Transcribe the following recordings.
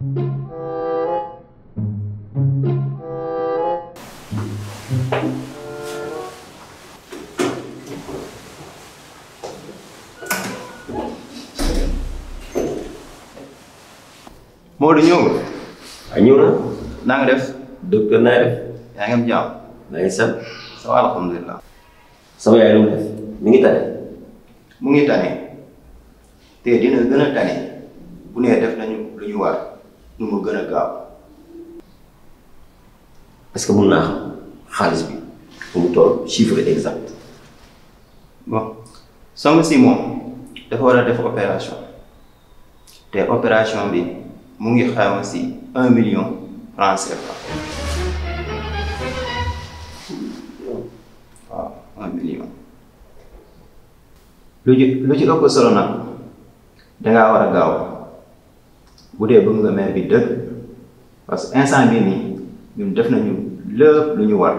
Modou ñëw. waaw ñëw na. def. docteur naa def. yaa ngi am jàmm. maa ngi sant. ça va alhamdulilah. sama yaay lu mu def mi ngi tane. ngi te dina gën a tane bu def nañu lu ñu nu mu gën a gaaw est que mun naa xaalis bi fu mu toll chiffre exact bon soxna si moom dafa war a def opération te opération bi mu ngi xayma si un million franc CFA waaw un million lu ci lu ci ëpp solo nag dangaa war a gaaw bu dee bëgg nga bi dëgg parce que instant bii nii ñun def nañu lépp lu ñu war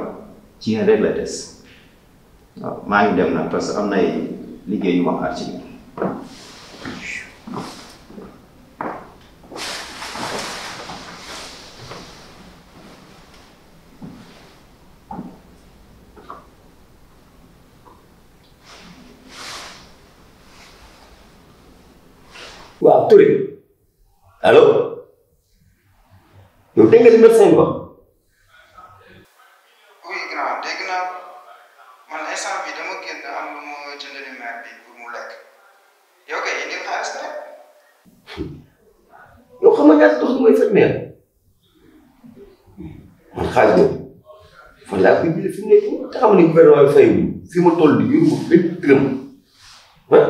ci rek la des maa ngi dem na parce que am na liggéey yu ma ci biir. waaw allo yow dégg nga li médecin bi wax. oui grand dégg naa man instant bi dama génn am lu ma jëndali mère bi pour mu lekk yow kay indil xaalis rek. yow xam nga ñaata dox mooy faj man xaalis boobu fan laa koy jëlee fi mu nekk te xam ne gouvernement bi fay fi ma toll nii yoruma benn dërëm ah.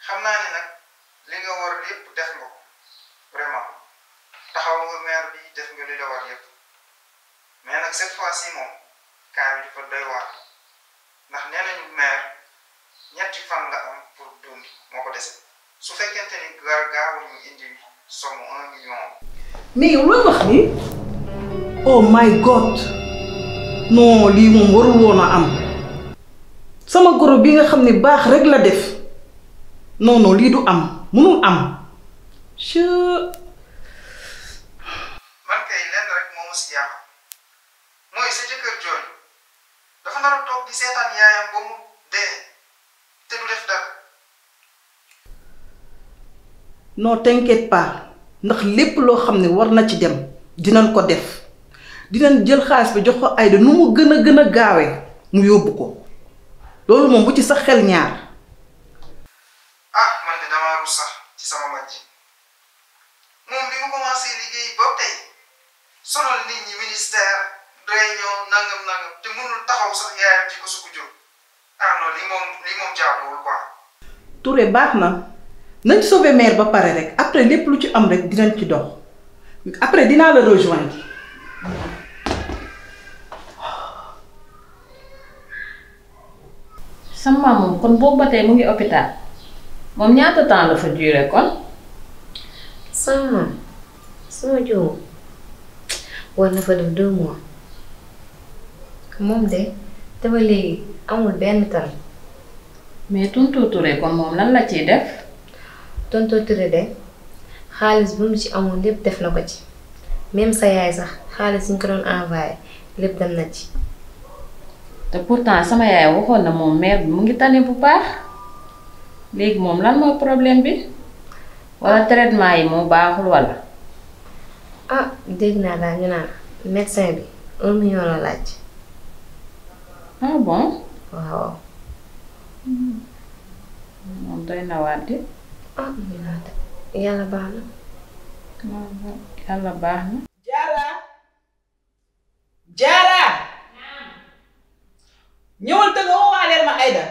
xam naa ne nag li nga war lépp def ko vraiment taxaw nga maire bi def nga li la war yépp mais nag cette fois ci moom cas bi dafa doy waar ndax nee nañu maire ñetti fan nga am pour dund moo ko des su fekkente ni gar gaawuñu indi somme un million. mais yow looy wax nii. oh my god non lii woon a am. sama goro bi nga xam ne baax rek la def. noonu lii du am mënul am je. man si jaaxal mooy sa jëkkër jooju dafa nar a toog di seetaan yaayam ba mu te du def dara. non t'inquiète pas ndax lépp loo xam ne war na ci dem dinañ ko def dinañ jël xaalis bi jox ko Aïda nu mu gën a gën a gaawee mu yóbbu ko loolu moom bu ci sax xel ñaar. noonu nangam nangam te mënul taxaw sax ji ko su ko jóg ah non moom lii moom jaaduwul quoi. Touré baax na nañ sauver mère ba pare rek après lépp lu ci am rek dinañ ci dox après dinaa la rejoindre. sa maam moom kon boobu ba tey mu ngi hôpital moom ñaata temps la fa kon. sama maam sama jiw war na fa def deux mois. moom de te ba léegi amul benn tal. mais tonton ture kon moom lan la ciy def. tonton Touré de xaalis bu mu ci amul lépp def na ko ci même sa yaay sax xaalis yi ñu ko doon envoyé lépp dem na ci. te pourtant sama yaay waxoon na moom mère bi mu ngi tane bu baax léegi moom lan moo problème bi wala ah. traitement yi moo baaxul walla ah dégg naa daal ñu naan médecin bi un million la laaj. ah bon. waaw. Mm-hmm. moom doy na waate. ah yàlla baax na. yàlla baax na. jaara jaara. ñëwal te nga woo waaleel ma Aida.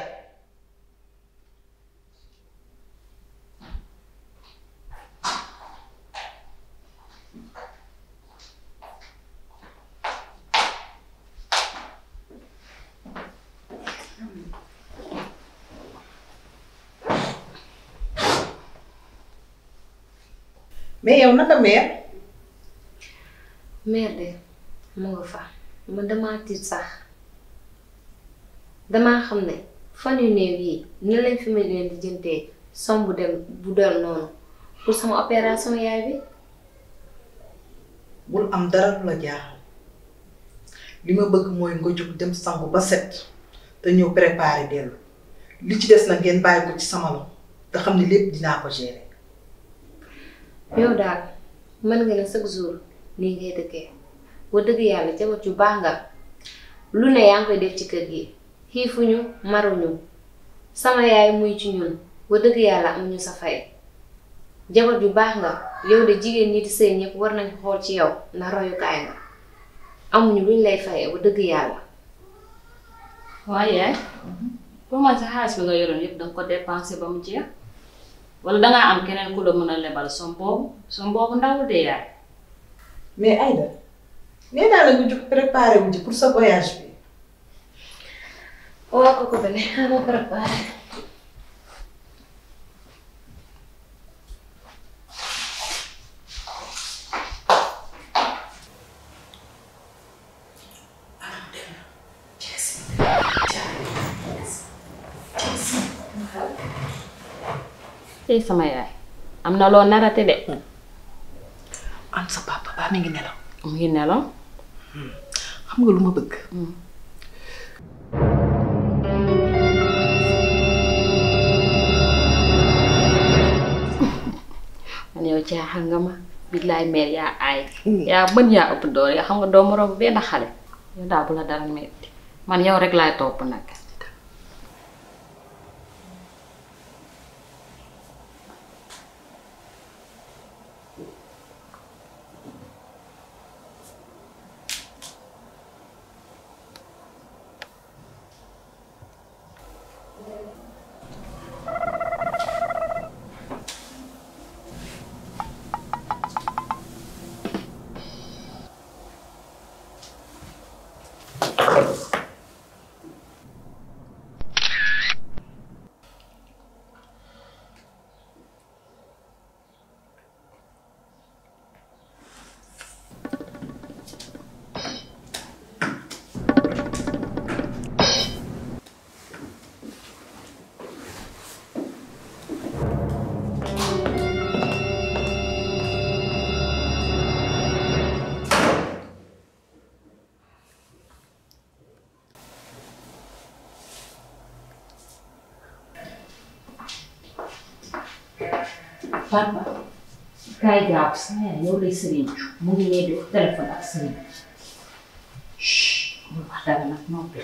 mais yow naka mère. mère de mu nga fa man damaa tiit sax damaa xam ne fan yu néew yi ne lañ fi may leen di jëntee som dem bu doon noonu pour sama opération yaay bi. bul am dara lu la jaaxal li ma bëgg mooy nga jóg dem sangu ba set te ñëw préparer dellu li ci des na ngeen bàyyi ko ci sama loxo te xam ne lépp dinaa ko gérer. yow daal mën nga ne chaque jour nii ngay dëkkee ba dëgg yàlla jabar ju baax nga lu ne yaa ngi koy def ci kër gi xiifuñu maruñu sama yaay muy ci ñun ba dëgg yàlla amuñu sa fay jabar ju baax nga yow de jigéen ñi di sëy ñëpp war nañ xool ci yow na royukaay nga amuñu luñ lay fayee ba dëgg yàlla waaye pour man sa xaalis bi nga yoroon yëpp danga ko dépensé ba mu jeex wala dangaa am keneen ku la mën a lebal som boobu som boobu ndawul de yaay. mais Aïda nee naa la ñu jóg préparé wu ji pour sa voyage bi. waaw kooku ba ne xaaral préparé. sama yaay am na loo narate de. Hmm. am sa papa ba mi ngi nelaw. mu ngi nelaw. Hmm. xam nga lu ma bëgg. Hmm. man yow jaaxal nga ma. billaay meer yaa aay. yaa mën yaa ëpp doole yaa xam nga doo moroom benn xale. yow daal bu la dara metti man yow rek laay topp nag. papa kaay gaaw sama yaay yow lay sëriñ ju mu ngi nee di wax téléphone ak sëriñ bul wax dara nag noppi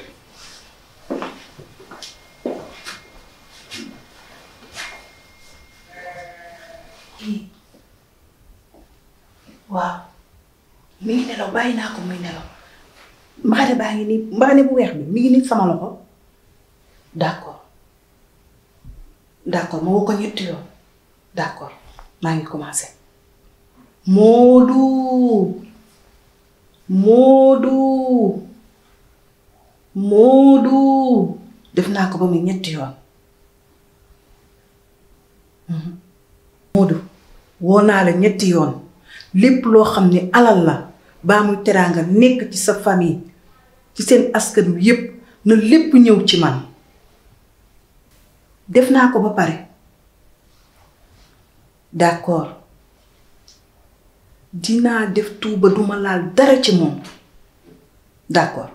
waaw mi nelaw bàyyi naa ko muy nelaw mbaxane baa ngi nii mbaxane bu weex bi mi ngi nii sama loxo d'accord d'accord ma woo ko ñetti d'accord maa ngi commencé Modou Modou Modou def naa ko ba mu ñetti yoon mhm. Modou woo naa la ñetti yoon lépp loo xam ne alal la baa muy teraanga nekk ci sa famille ci seen askan wi yépp na lépp ñëw ci man def naa ko ba pare d'accord dinaa def tout ba duma laal dara ci moom d'accord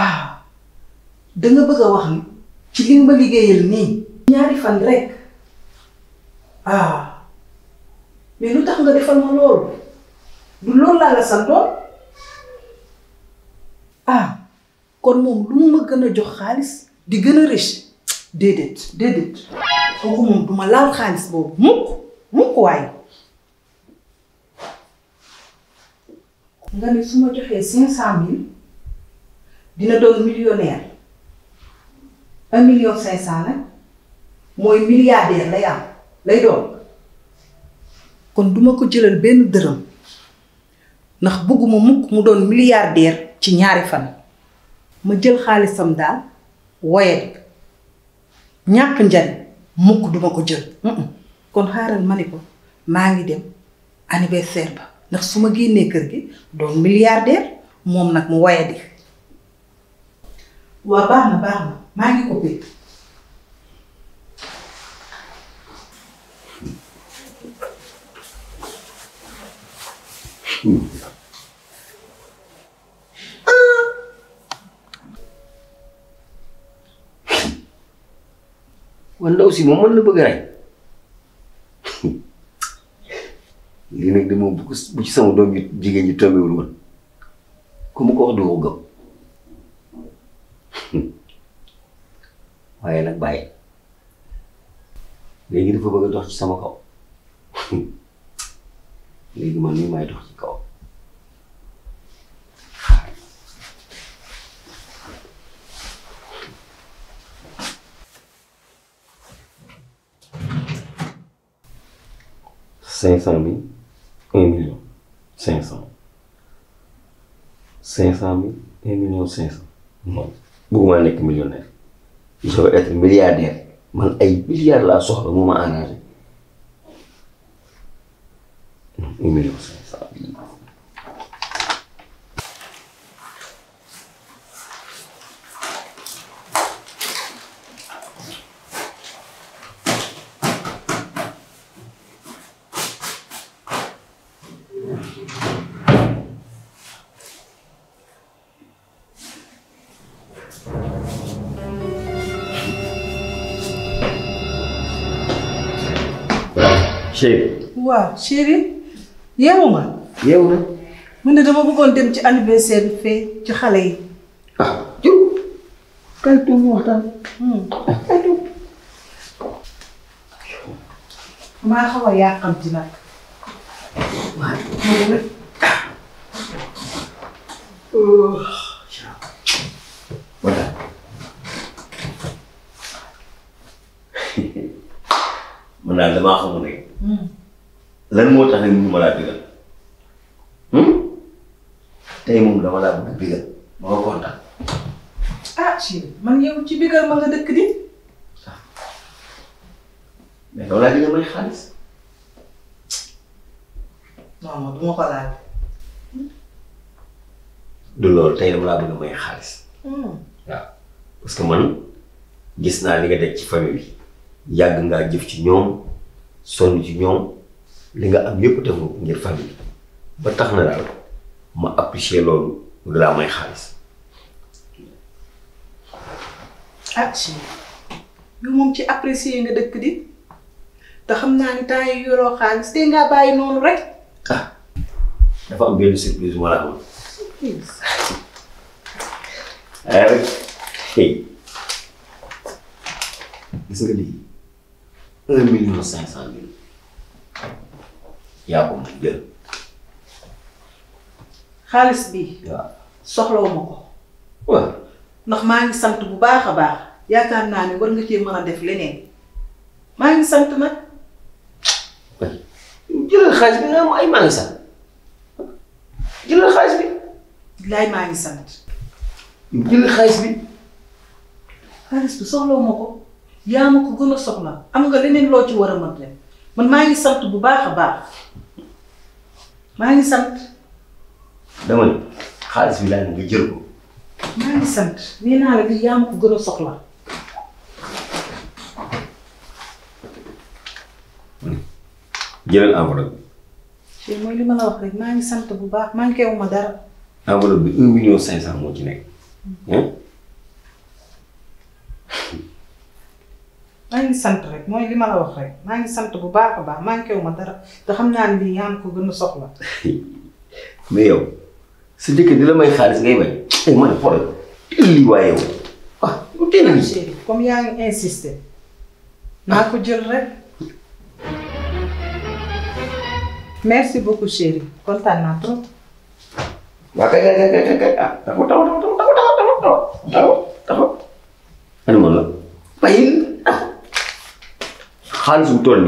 ah danga bëgg a wax ci li ma liggéeyal nii ñaari fan rekk ah mais lu tax nga defal ma loolu du loolu laa la santoon ah kon moom lu mu ma gën a jox xaalis di gën a réch déedéet déedéet kooku moom laal xaalis boobu mukk mukk waaye. nga ne su ma joxee cinq cent mille dina doon millionnaire un million cinq cent nag mooy milliardaire lay am lay doon. kon duma ko jëlal benn dërëm ndax bëgguma mukk mu doon milliardaire ci ñaari fan. ma jël xaalisam daal woyet ñàkk njariñ mukk duma ko jël kon xaaral ma ni ko maa ngi dem anniversaire ba ndax su ma génnee kër gi doon milliardaire moom nag mu woyadi waa baax na baax na maa ngi coupé Hmm. man ndaw si moom man la bëgg a rey nag dama bu bu sama doom ji jigéen ñi tombewul woon ku mu ko wax du ma gëm waaye nag bàyyi léegi dafa bëgg dox ci sama kaw léegi man mii may dox. cinq cent mille un million cinq cent cinq cent mille un million cinq cent man bëgguma nekk millionnaire je veux être milliardaire man ay milliards laa soxla moo ma arrangé un million cinq cent chéri. waaw chéri yeewu nga. yeewu na. mu ne dama bëggoon dem ci anniversaire bi fee ci xale yi. ah kay tuur ñu waxtaan. Hmm. kay tuur. maa xaw a yàqamti nag. voilà. man daal damaa xamul ne. Hmm. lan moo tax nag ñu ma laa bégal hmm? tey moom dama laa bëgg bégal ma nga kontaan. ah chérie man yow ci bégal ma nga dëkk di. mais yow xaalis. non non du ma ko laal. du loolu tey dama laa bëgg a may xaalis. Hmm. waaw parce man gis naa li nga def ci famille yàgg ngaa jëf ci ñoom. sonn ci ñoom li nga am yëpp def ngir famille ba tax na daal ma apprécier loolu dalaa may xaalis. ah si yow moom ci apprécier nga dëkk di te xam naa ni temps yi yoroo xaalis te ngaa bàyyi noonu rek. Ah, dafa am benn surprise wala am. waaye rek un million jël. xaalis bi. waaw soxlawuma ko. waaw. ndax maa ngi sant bu baax a baax yaakaar naa ni war nga cee mën a def leneen maa ngi sant nag. jëlal xaalis bi nga am ay maa ngi sant jëlal xaalis bi. sant. jëlal xaalis bi. xaalis bi ko. yaa ma ko gën a soxla am nga leneen loo ci war a mën rek man maa ngi sant bu baax a baax maa ngi sant. dama xaalis bi laa nga jël ko. maa ngi sant nee naa la bi yaa ma ko gën a soxla. jëlal enveloppe bi. mooy li ma la wax rek maa ngi sant bu baax manqué wu ma dara. enveloppe bi un million cinq cent moo ci nekk. Mm. ngi sant rek mooy li ma la wax rek maa ngi sant bu baax a baax manqué wu ma dara te xam naa ne lii yaa ko gën a soxla. mais yow sa jëkkër di la may xaalis ngay may eh man xoolal lii waaye yow ah lu teel a lii. comme yaa ngi insister naa ko jël rek. merci beaucoup chérie kontaan naa trop. waa kay kay kay kay ah taxaw taxaw taxaw taxaw taxaw taxaw taxaw taxaw taxaw taxaw taxaw xaalis bu toll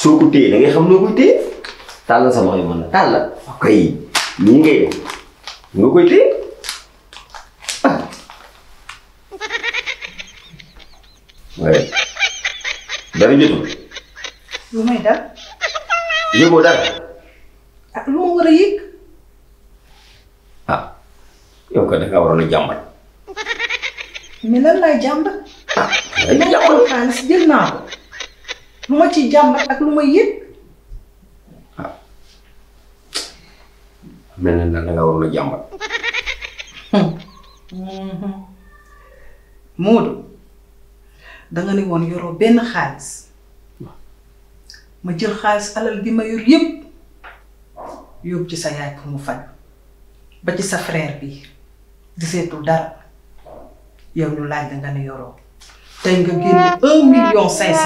soo ko téye xam noo koy téye tàllal sama xëy man la tàllal koy nii ngay nga koy téye ah. waaye dara jotul. lu may dal. yëgoo dara. ah lu ma war a yëg. ah yow kat da ngaa waroon a jàmbat. mais lan laay jàmbat. ah lan laay jàmbat xaalis jël naa ko. lu ma ciy jàmbat ak lu ma yëg. mel na ne da nga waroon a ne woon yoroo benn xaalis ma jël xaalis alal bi ma yor yépp yóbbu ci sa yaay pour mu faj ba ci sa frère bi di seetul dara yow ñu laaj da ne yoroo. tey nga génn un million cinq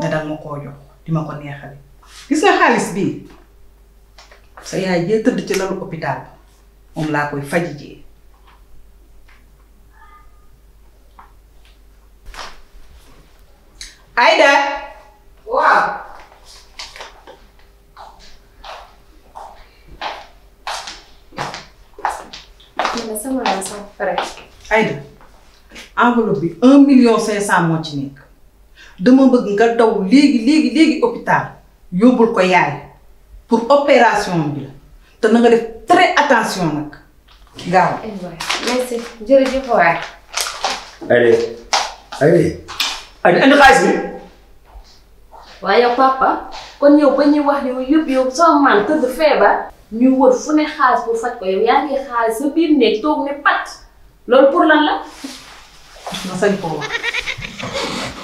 nga dal ma koo jox di ma ko neexale gis nga xaalis bii sa yaay jee tëdd ci lalu hôpital moom laa koy faji jee waaw sama envelop bi un million cinq cent moo ci nekk dama bëgg nga daw léegi léegi léegi hôpital yóbbul ko yaay pour opération bi la te na nga def très attention nag gaaw. merci jërëjëf waay. allez allez. allez andi xaalis bi. waaye papa kon yow ba ñuy wax yëpp yow soo man tëdd feebar. ñu wër fu ne xaalis bu faj ko yow yaa ngi xaalis sa biir néeg toog ne pat loolu pour lan la. ma sañ koo wax